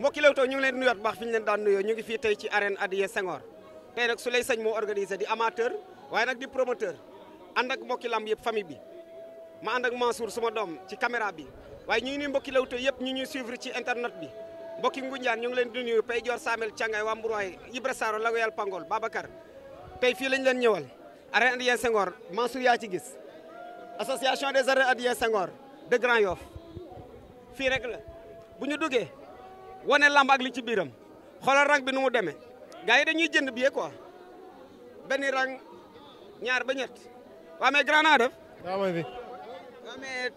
mbokki Leewtoo ñu ngi leen di nuyoot baax fi ñu leen daan nuyoo ñu ngi tey ci arène Adrien Senghor tey nag su lay sëñ moo organisé di amateur waaye nag di promoteur ànd mbokki lamb yëpp famille bi ma ànd ak Mansour suma doom ci caméra bi waaye ñu ngi nuyu mbokki Leewtoo yëpp ñu ñuy suivre ci internet bi mbokki Ngunjaan ñu ngi leen di nuyu Pay Joor Samel Cangay waa Mburuwaay Ibra Saro la Lagoyal Pangol Babacar tey fii lañ leen ñëwal arène Adrien Senghor Mansour yaa ci gis association des arènes Adrien Senghor de Grand Yoff fii rek wane lamb ak li ci biiram xoolal rang bi nu mu demee gars yi dañuy jënd billet quoi benn rang ñaar ba ñett waa mais grand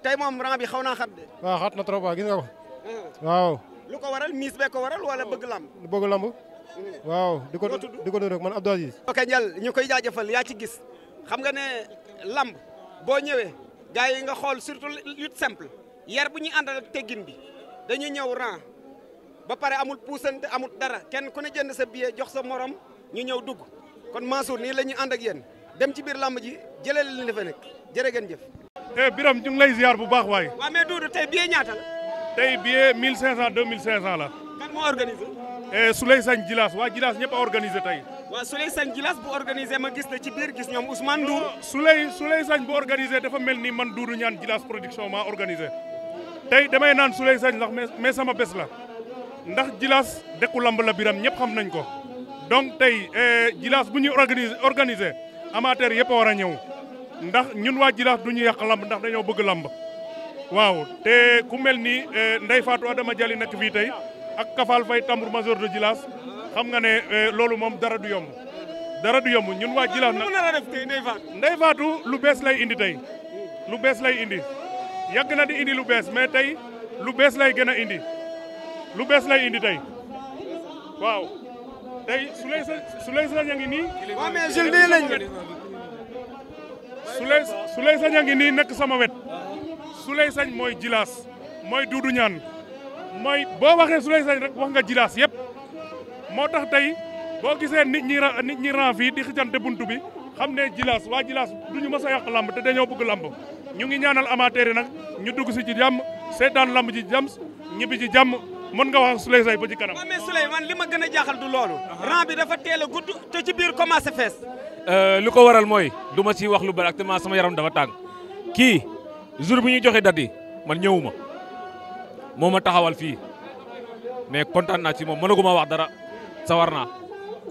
tey moom rang bi xaw naa xat de. waaw xat na trop waaw gis nga ko. Ah. waaw. lu ko waral miis bee ko waral wala bëgg lamb. bëgg lamb. Hmm. waaw di ko di ko nuyu rek man Abdou Aziz. ok Ndiaye ñu koy jaajafal yaa ci gis xam nga ne lamb boo ñëwee gars yi nga xool surtout lutte simple yar bu ñuy àndal ak teggin bi dañuy ñëw rang. ba pare amul puusante amul dara kenn ku ne jënd sa billet jox sa morom ñu ñëw dugg kon Mansour nii la ñuy ànd ak dem ci biir làmb ji jëlee leen li fa nekk jërë ngeen jëf. eh Birame ñu lay ziar bu baax waay. waaw mais Doudou tey billet ñaata la. tey billet 1500 2500 la. kan moo organisé. eh Souley Sagne Djilas waa Djilas ñëpp a organisé tey. waaw Souley Sagne Djilas bu organisé ma gis la ci biir gis ñoom Ousmane Ndour. Souley Souley Sagne bu organisé dafa mel nii man Doudou ñaan Djilas production maa organisé tey damay naan Souley Sagne ndax mais sama bés la. ndax Djilass dëkku lamb la biram ñëpp xam nañ ko donc tey eh, Djilass bu ñuy organiser organiser amateur yëpp a war a ñëw ndax ñun waa Djilass du ñu yàq lamb ndax dañoo bëgg lamb waaw te ku mel ni eh, Ndeye Fatou Adama Dialli nak fii tey ak Kafal Faye tambour major de Djilass xam nga ne eh, loolu moom dara du yomb dara du yomb ñun waa Djilass nag Ndeye Fatou lu bees lay indi tey lu bees lay indi yàgg na di indi lu bees mais tey lu bees lay gën a indi lu bees lay indi tey waaw tey su lay su lay sañ a ngi nii. waaw su lay sañ a ngi nii nekk sama wet su lay sañ mooy jilaas mooy duudu ñaan mooy boo waxee su lay sañ rek wax nga jilaas yëpp moo tax tey boo gisee nit ñi nit ñi ran fii di xëcante bunt bi xam ne jilaas waa jilaas du ñu mës a yàq lamb te dañoo bëgg lamb ñu ngi ñaanal amateur yi nag ñu dugg si ci jàmm seetaan lamb ji jàmm ñibbi ci jàmm. mën nga wax Souley Say ba ci kanam. waaw mais li ma gën a jaaxal du loolu. rang bi dafa teel a te ci biir commencé fees. Euh, li ko waral mooy du ma si wax lu bari actuellement sama yaram dafa tàng kii jour bi ñuy joxe date yi man ñëwuma moo ma taxawal fii mais kontaan naa ci moom mënaguma wax dara sawar naa.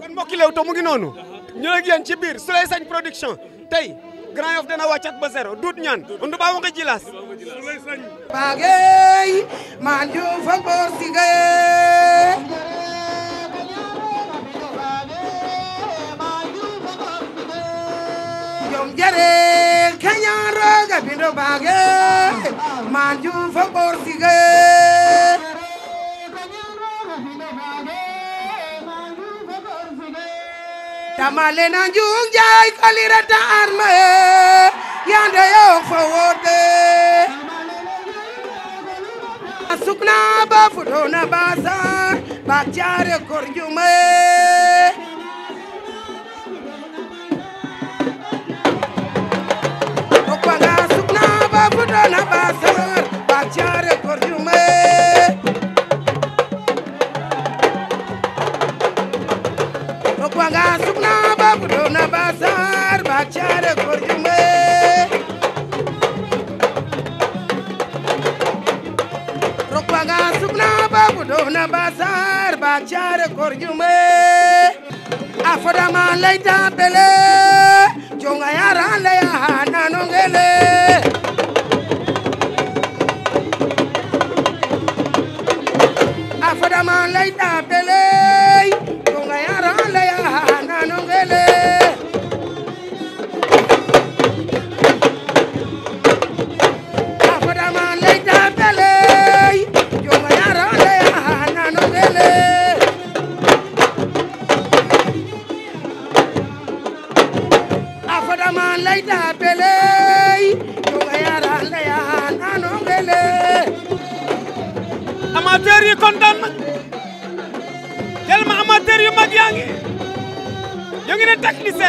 kon mbokki Leewtoo mu ngi noonu. ñu ci biir Souley Sagne production tey. Grand Yoff dana wàccat ba zéro duut ñaan undu ba wonga jilas bagey ma ndiouf fa bor sigay jare keñan roga bindo bage manju fo bortige dama leen a njaay kalira ta arma ee yande yoo fa woote a sukna ba futoona ba ba caare kor njuuma ee okpa nga ba futoona ba ba caare kor njuuma caare góor gi mbay rokwa nga sukna babu dohna basar ba caare góor gi mbay a foda ma lay tampele jonga yaran lay a nanongele a foda ma lay tampele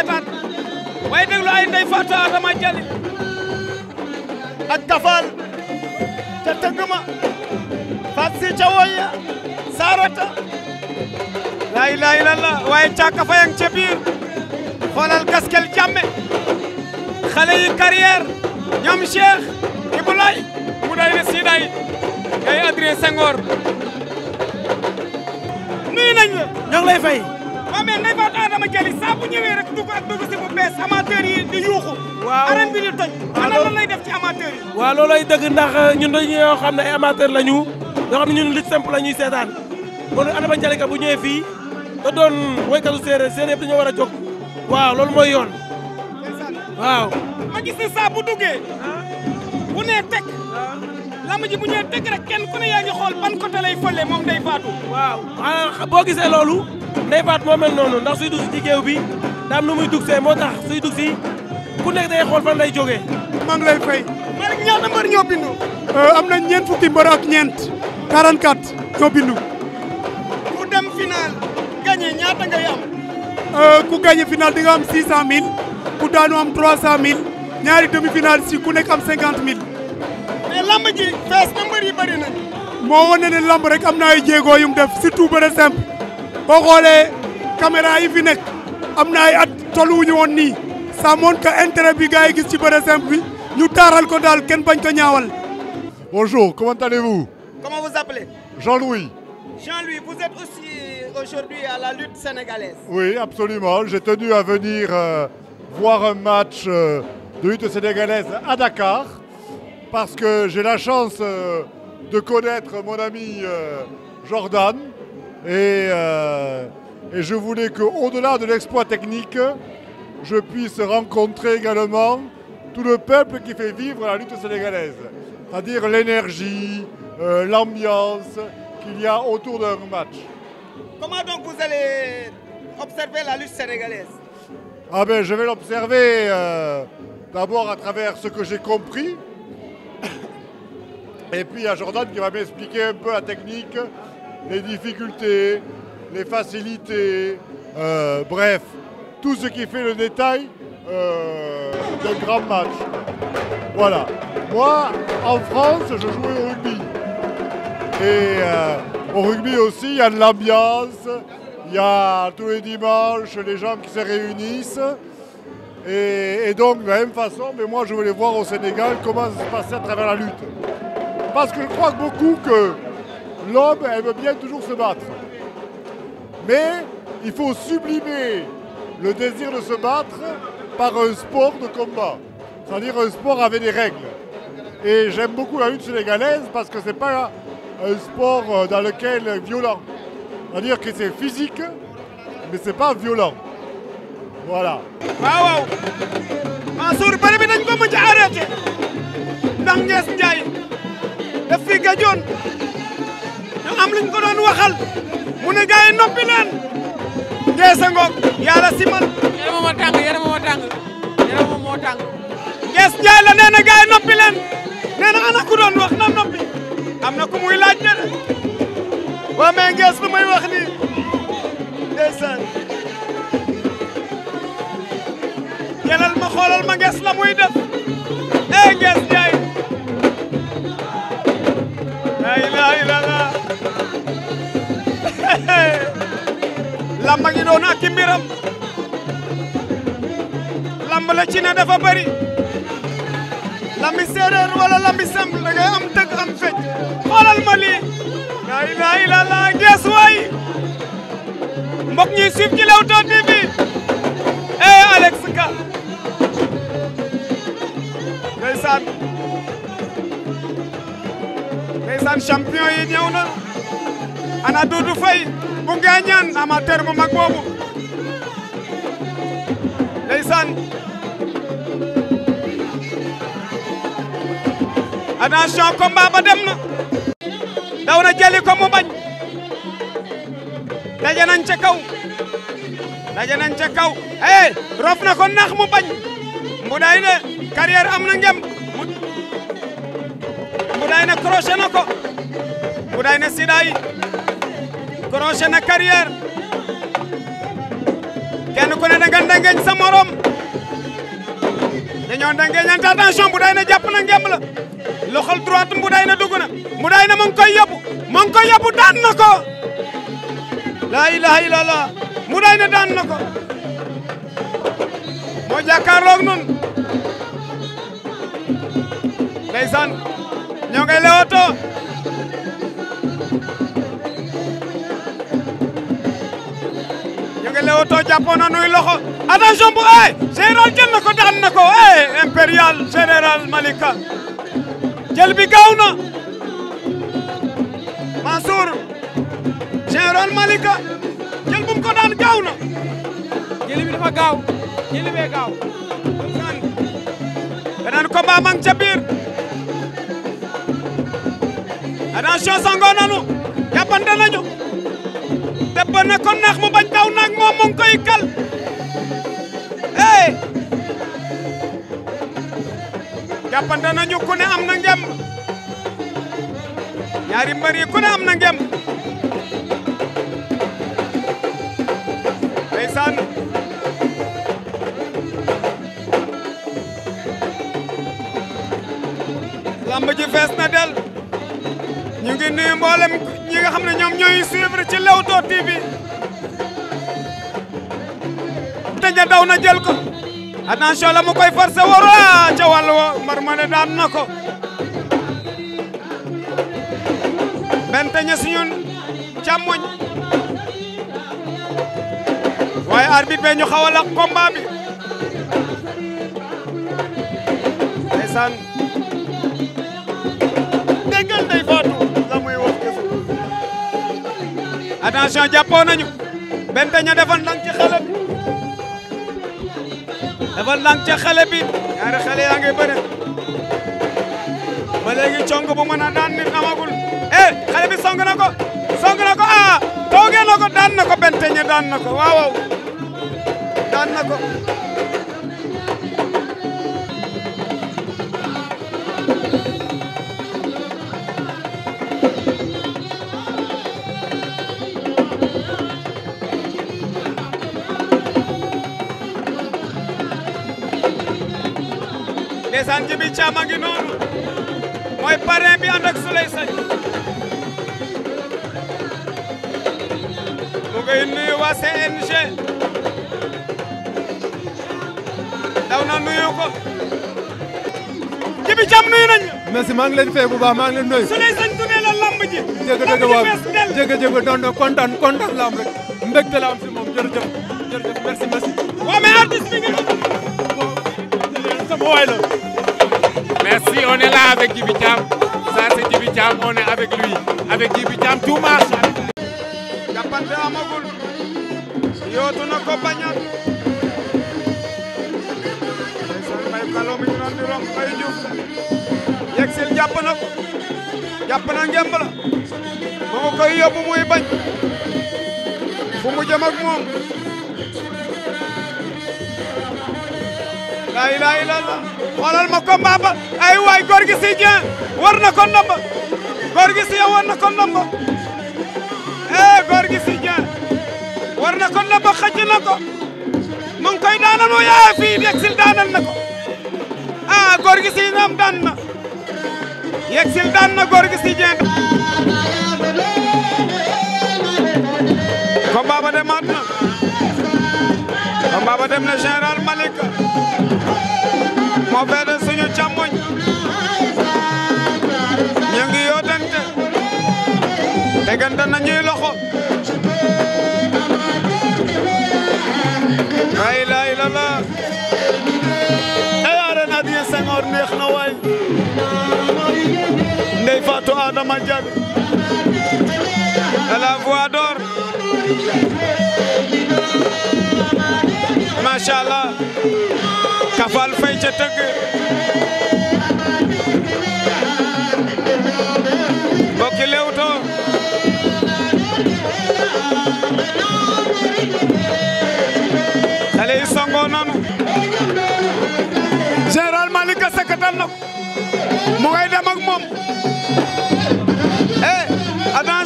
seetaan waaye déglu ay ndey Fatou Adama Jali ak Kafal te tëgg ma Fatou si Thiawoya Sarata laa ilaaha illallaah waaye Caaka Faye ak xoolal gaskel jàmme xale yi carrière ñoom Cheikh Ibulaay mu day ne siiday ngay Adrien Senghor nuyu nañ la ñoo lay fay Adama Jali saa bu ñëwee rek dugg ak si bu bees di yuuxu. waaw arène bi di toj. def ci amateur yi. waaw loolay dëgg ndax ñun dañoo xam ne ay amateur la ñu yoo xam ne ñun lutte simple la ñuy seetaan kon Adama Jali bu ñëwee fii da doon woykatu séeréer séeréer yëpp dañoo war a jóg waaw loolu mooy yoon. waaw. ma ne saa bu duggee. teg. lamb ji teg rek kenn ku ne yaa ban côté fële moom day faatu. waaw ah, boo gisee loolu. Ndeye Fatou moo mel noonu ndax suy dugg ci géew bi daam nu muy dugg see moo tax suy dugg ku nekk day xool fan lay jógee. maa ngi lay ñaata mbër ñoo euh, am na ñeent fukki mbër ak ñeent. 44 ñoo bindu. ku dem final. gagné ñaata ngay am. Euh, ku gagné final di nga am 600000 ku daanu am ñaari demi final si nekk am 50000. mais lamb ji fees na mbër yi moo wane ne lamb rek am na ay jéego yu mu def surtout bëre simple. boo xoolee caméra yi fi nekk am na ay at tolluwuñu woon nii ça montre que gars gis ci bëre bi ñu taaral ko daal kenn bañ ko ñaawal. bonjour comment allez-vous. comment vous appelez. Jean-Louis. Jean-Louis vous êtes aujourd'hui à la lutte sénégalaise. oui absolument j'ai tenu à venir euh, voir un match euh, de lutte sénégalaise à Dakar parce que j'ai la chance euh, de connaître mon ami Jordan. Et, euh, et je voulais qu'au-delà de l'exploit technique, je puisse rencontrer également tout le peuple qui fait vivre la lutte sénégalaise, c'est-à-dire l'énergie, euh, l'ambiance qu'il y a autour d'un match. Comment donc vous allez observer la lutte sénégalaise ah ben, Je vais l'observer euh, d'abord à travers ce que j'ai compris, et puis il y a Jordan qui va m'expliquer un peu la technique, les difficultés, les facilités, euh, bref, tout ce qui fait le détail euh, d'un grand match. Voilà. Moi, en France, je jouais au rugby. Et euh, au rugby aussi, il y a de l'ambiance, il y a tous les dimanches les gens qui se réunissent. Et, et, donc, de la même façon, mais moi, je voulais voir au Sénégal comment ça se passait à travers la lutte. Parce que je crois beaucoup que L'homme, elle bien toujours se battre. Mais il faut sublimer le désir de se battre par un sport de combat, c'est-à-dire un sport avec des règles. Et j'aime beaucoup la lutte sénégalaise parce que c'est pas un sport euh, dans lequel violent. C'est-à-dire que c'est physique, mais c'est pas violent. Voilà. waaw Mansour bëri bi dañ ko mujj am luñ ko doon waxal mu ne gars yi noppi leen Ngeesa ngoog yàlla si man. yaram moo tàng yaram moo tàng yaram la nee na gars yi noppi ana ku doon wax na noppi am na ku muy laaj de waa mais Ngees lu wax nii ndeysaan gelal ma xoolal ma Ngees la muy def eh Ngees Njaay la ilaha lamba ngi doon ak mbiram lamb la ci ne dafa bari lambi séeréer wala lambi simple da ngay am tëgg am fecc xoolal ma lii laa ilaaha illallaah gees waay mbokk ñi suuf ci Leewtoo TV eh Alex Ka ndeysaan ndeysaan champion yi ñëw na ana Doudou Faye mu ngee ñaan amateur bu mag boobu ndeysaan attention combat ba dem na daw na jëli ko mu bañ daje nañ ca kaw daje nañ ca kaw eh rof na ko nax mu bañ mbuday ne carrière am na ngem mbuday ne crochet na ko mbuday ne sidaay croché na carrière kenn ku ne da nga ndengeñ sa morom dañoo ndengeñante attention Mboudaye na jàpp na ngemb la loxol droite Mboudaye na dugg na Mboudaye na mu ngi koy yóbbu mu ngi koy na ko laa ilaha illallah Mboudaye na daan na ko moo jàkkaarloog nun ndeysaan ñoo ngay lewoto nga leewtoo jàppoon loxo attention bu eh général jël ko daan na ko eh impérial général Malika jël bi gaaw na Malika jël ko daan gaaw na jël bi dafa gaaw jël bee gaaw san mang ca biir attention sangoo nanu jàppante debba na ko nax mu bañ daw naag moom mu kal eh jàppante nañu ku ne am na ngem ñaari mbër yi ku am na ngem ndeysaan lamb ji na del ñu ngi nuyu mboolem ñi nga xam ne ñoom ñooy suivre ci Leewtoo TV Tandian daw na jël ko attention la mu koy forcé waru a ah, ca wàll wa mbar ne daan na benn Tandian suñu càmmoñ waaye arbitre be ñu xaw a laq combat bi ndeysaan attention jàppoo nañu Bente Ña defal ndànk ci xale bi defal ndànk ci xale bi ñaari bu mën a daan nit amagul eh xale bi ko song ko ah toogee ko daan ko Bente Ña ko waaw waaw ko bi Thiam a ngi noonu mooy parrain bi ànd ak Souleye Sagne mu ngi nuyu waa daw na nuyu ko Djiby Thiam nuyu nañu merci maa ngi leen fay bu baax maa ngi leen nuyu Souleye Sagne du ne lamb ji jëgëjëgë waaw jëgëjëgë non non kontaan kontaan la am rek mbégte la am si moom jërëjëf jërëjëf merci merci waaw mais artiste bi nga sama waay la on est là amagul yootu na ko bañal. ndeysaan may kàlloo mi di romb may jub yegsil jàpp na ko jàpp na ngemb mu ngi koy yóbbu muy bañ fu mu jëm moom. laa ilaaha illallaah xoolal ma combat ba ay waay góor gi war na ko ndomb góor gi war na ko ndomb eh góor gi war na ko ndomb xëcc na ko mu koy daanal mu yaay fii yegsil daanal na ko ah góor gi si ñoom daan na yegsil Adama Diack de macha allah ca tëgg mbokki Leewtoo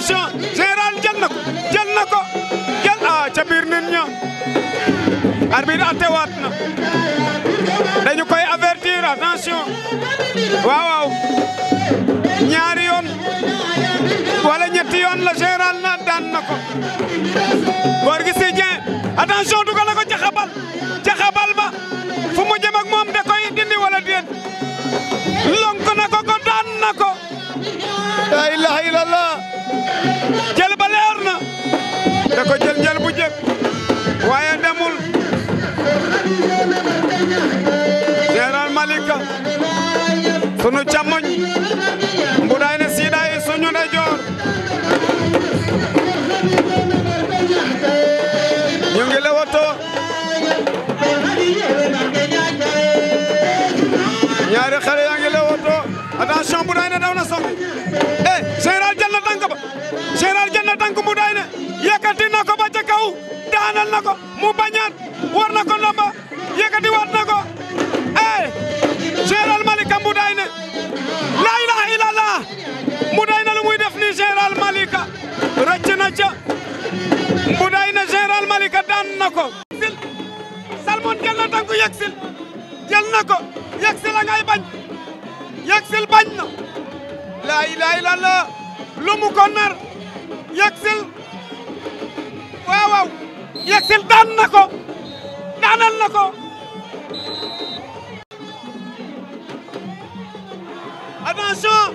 attention général na ko jël na ah, ca biir nit ña arbitre attewaat na dañu koy avertir attention waaw waaw ñaari wala ñetti la général na daan na ko góor gi si Dieng ba fu mu jëm moom da koy dindi wala déet lonk na ko ko daan na ko jël ba leer na da jël jël bu jëkk waaye demul Général Malika sunu càmm yegsil jël na ko yegsil a ngay bañ yegsil bañ na laa ilaaha illallaah lu mu ko nar yegsil waaw waaw yegsil daan na ko daanal na ko attention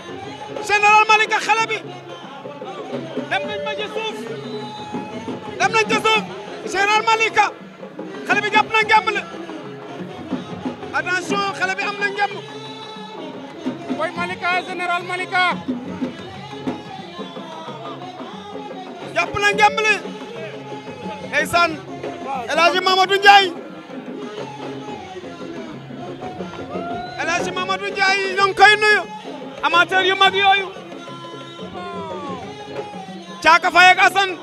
général Malika xale bi dem nañ ma ci suuf dem nañ ci suuf général Malika xale bi jàpp na ngembale attention xale am na njàmm Boy Malika général Malika jàpp na njàmm li ndeysaan El Hadj Mamadou Ndiaye El Hadj Mamadou Ndiaye ñoo ngi koy nuyu amateur yu mag yooyu caaka fay ak Assane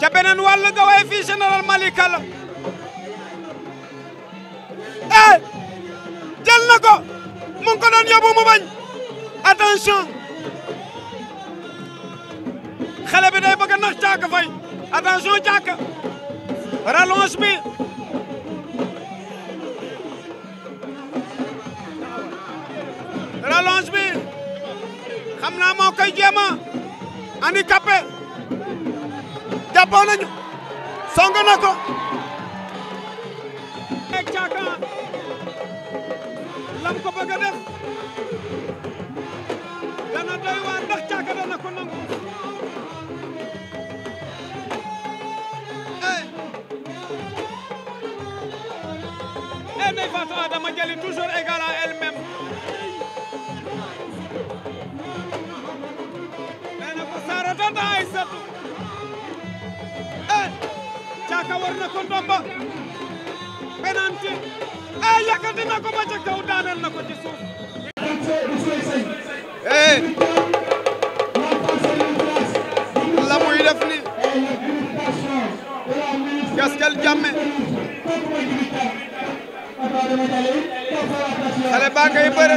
ca beneen wàll ga waaye fii général Malika la eh jël na ko mu ngi ko doon yóbbu bañ attention xale bi day bëgg Caaka Fay attention Caaka rallonge bi rallonge bi xam naa moo koy jéem a handicapé jàppoon nañu song ko bëgg a def dana doy waar caaka dana ko nangu eh eh Ndeye Fatou Adama Dialy toujours égale à elle-même nee na ko Sarata da ay setu eh caaka war na ko ndomba penalty eh yàkkati na ko ba kaw daaneel na ko ci suuf. eh la def ni Gaskel Jammeh xale baa ngay bëre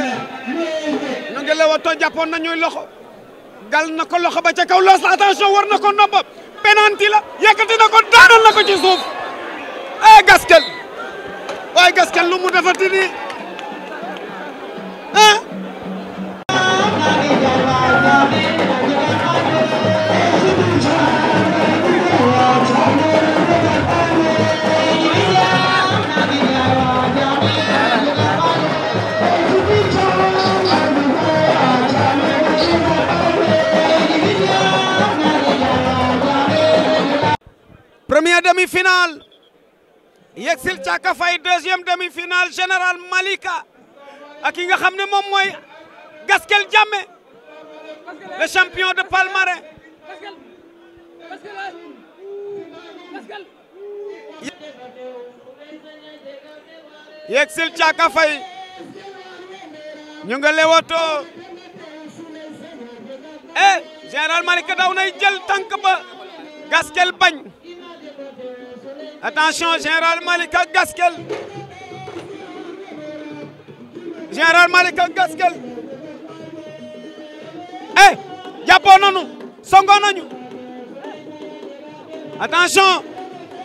ñu ngi lewato jàppoon nañuy loxo gal na ko loxo ba ca kaw loos la attention war na ko nopp penanti la na ko daaneel na ko ci suuf eh Gaskel waaye gaskel lu mu defati ni ah première demi-finale yegsil Thiaka Faye deuxième demi-finale général Malika ak ki nga xam ne moom mooy Gaskel Diame le champion de Palmarin yegsil Thiaka Faye ñu nga lewoto eh général Malika daw nay jël tànk ba Gaskel bañ attention général Malick ak Gaskel général Malick ak Gaskel eh jàppoon nañu songoon nañu attention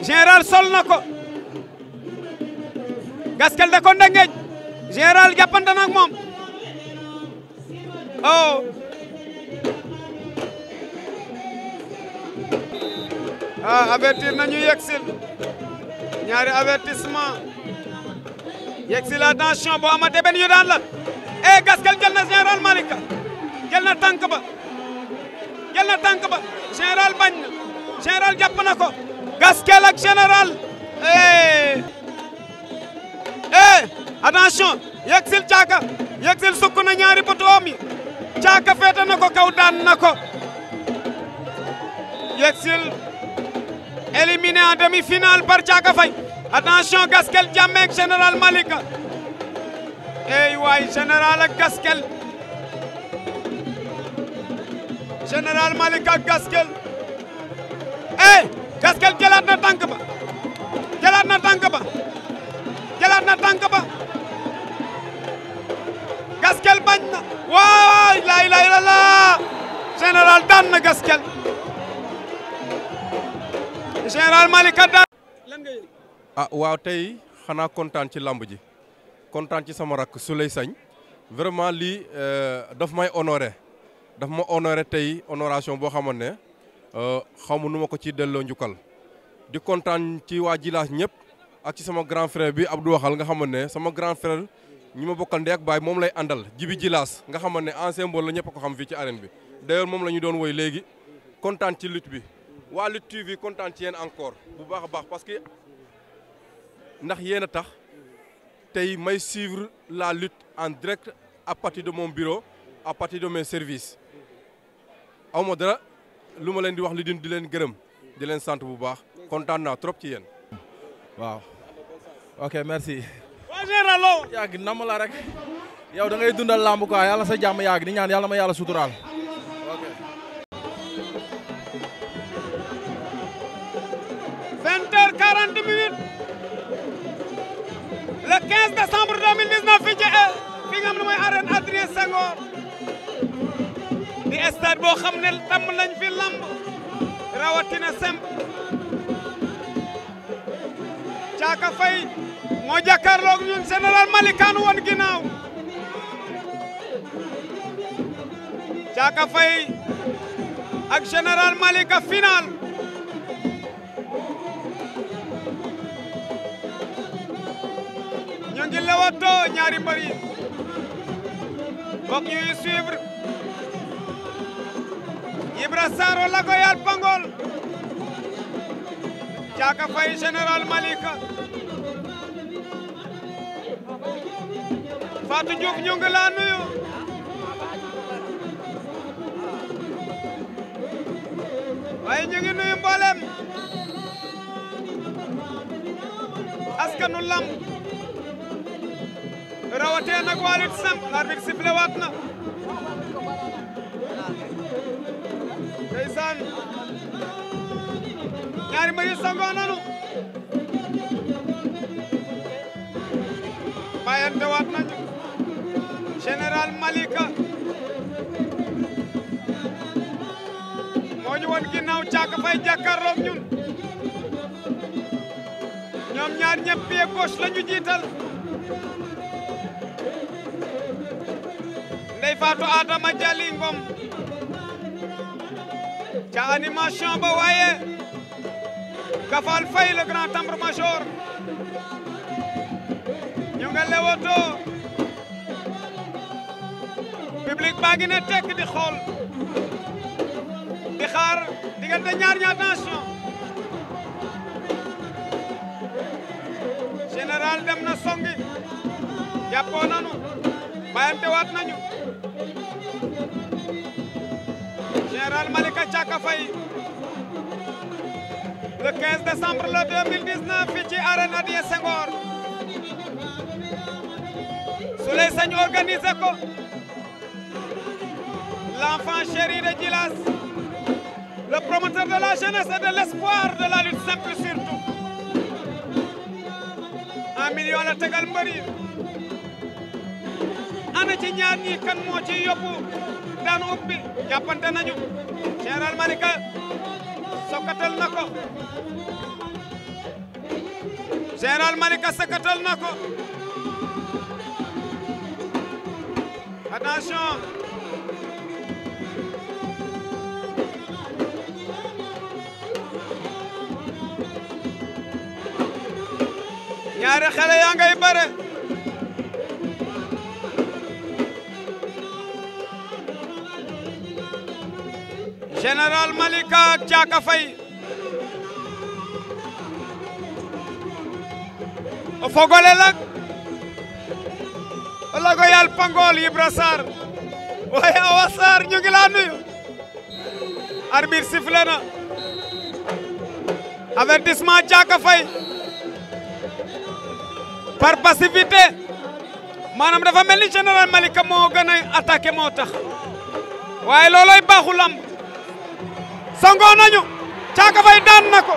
général sol na ko Gaskel da ko ndengeej général jàppante na moom oh. ah avertir nañu yegsil ñaari avertissement yegsil attention boo amatee benn yu daan lan eh Gaskel jël na général Malika jël na tànk ba na tànk ba général na général jàpp na ko Gaskel ak général eh eh attention yegsil caaka yegsil sukk na ñaari bëtoom yi caaka féete ko kaw daan ko yegsil éliminé en demi-finale par Gaskel Jammé ak Malika ey waay Général Gaskel Général Malika Gaskel ey Gaskel jëlaat na tànk ba jëlaat na tànk ba jëlaat na tànk ba Gaskel bañ na waay lay lay la la Général daan na Gaskel général Malick Kanda. Ah, waaw tey xanaa kontaan ci lamb ji kontaan ci sama rakk Souley Sagne vraiment lii euh, dafa may honoré daf ma honoré tey honoration boo xamoon ne euh, xamu nu ma ko ci delloo njukkal di kontaan ci waa Jilaas ñëpp ak ci sama grand frère bi Abdou Waxal nga xamoon ne sama grand frère ñi ma bokkal ndey ak baay moom lay àndal jibi Jilaas nga xamoon ne ancien mbool la ñëpp ko xam fii ci arène bi d'ailleurs moom la ñu doon woy léegi kontaan ci lit bi. waa Lutte TV kontaan ci yéen encore bu baax a baax parce que ndax yéen a tax tey may suivre la lutte en direct à partir de mon bureau à partir de mes services aw ma dara lu ma leen di wax li di leen gërëm di leen sant bu baax kontaan naa trop ci yéen. waaw ok merci. waa général yàgg nam la rek. yow da ngay dundal làmb quoi yàlla sa jàmm yàgg di ñaan yàlla ma yàlla suturaal. décembre 2019 fii ci fi nga xam ne mooy arène Adrien di stade boo xam ne tàmm nañ fi lamb rawatina semp Caaka Faye moo jàkkaarloog ñun général Malikaan woon ginnaaw Caaka Faye ak général Malika final ngi lewatoo ñaari mbër yi mbokk yuy suivre Ibra Saaro la ko yaal Pangol Caaka Fay général Malika Fatou Diouf ñu ngi laa nuyu waaye ñu ngi nuyu mboolem askanu lamb rawatee nag waa lutte simple l'arbitre sifflé waat na ndeysaan ñaari mbër yi songoo nanu bàyyante waat nañu général Malika moo ñu woon ginnaaw càkk fay jàkkaarloog ñun ñoom ñaar ñëpp pied gauche jiital Fatou Adama Dialy Ngom ca animation ba waaye Gafal Faye le grand tambour major ñu nga lewoto public baa ngi ne tekk di xool di xaar diggante ñaar ñaar attention général dem na songi jàppoo nanu bàyyante waat nañu général Malika Thiaka Faye le 15 décembre le 2019 fii ci arène Adrien Senghor Souleye Sagne organisé ko l'enfant chéri de Djilas le promoteur de la jeunesse et de l'espoir de la lutte simple surtout un million la tegal mbëri ana ci ñaar ñi kan moo ci yóbbu daanu ubbi jàppante nañu général Malika sokkatal na ko général Malika sokkatal na ko attention ñaari xale yaa ngay général Malika ak Thiaka Faye o fogole lak o lagoyal pangol Ibra waaye Awa Sarr ñu ngi laa nuyu arbitre sifflé na avertissement Thiaka Faye par passivité maanaam dafa mel ni général Malika moo gën a moo tax waaye looloy baaxu sangoo nañu caaka fay daan na ko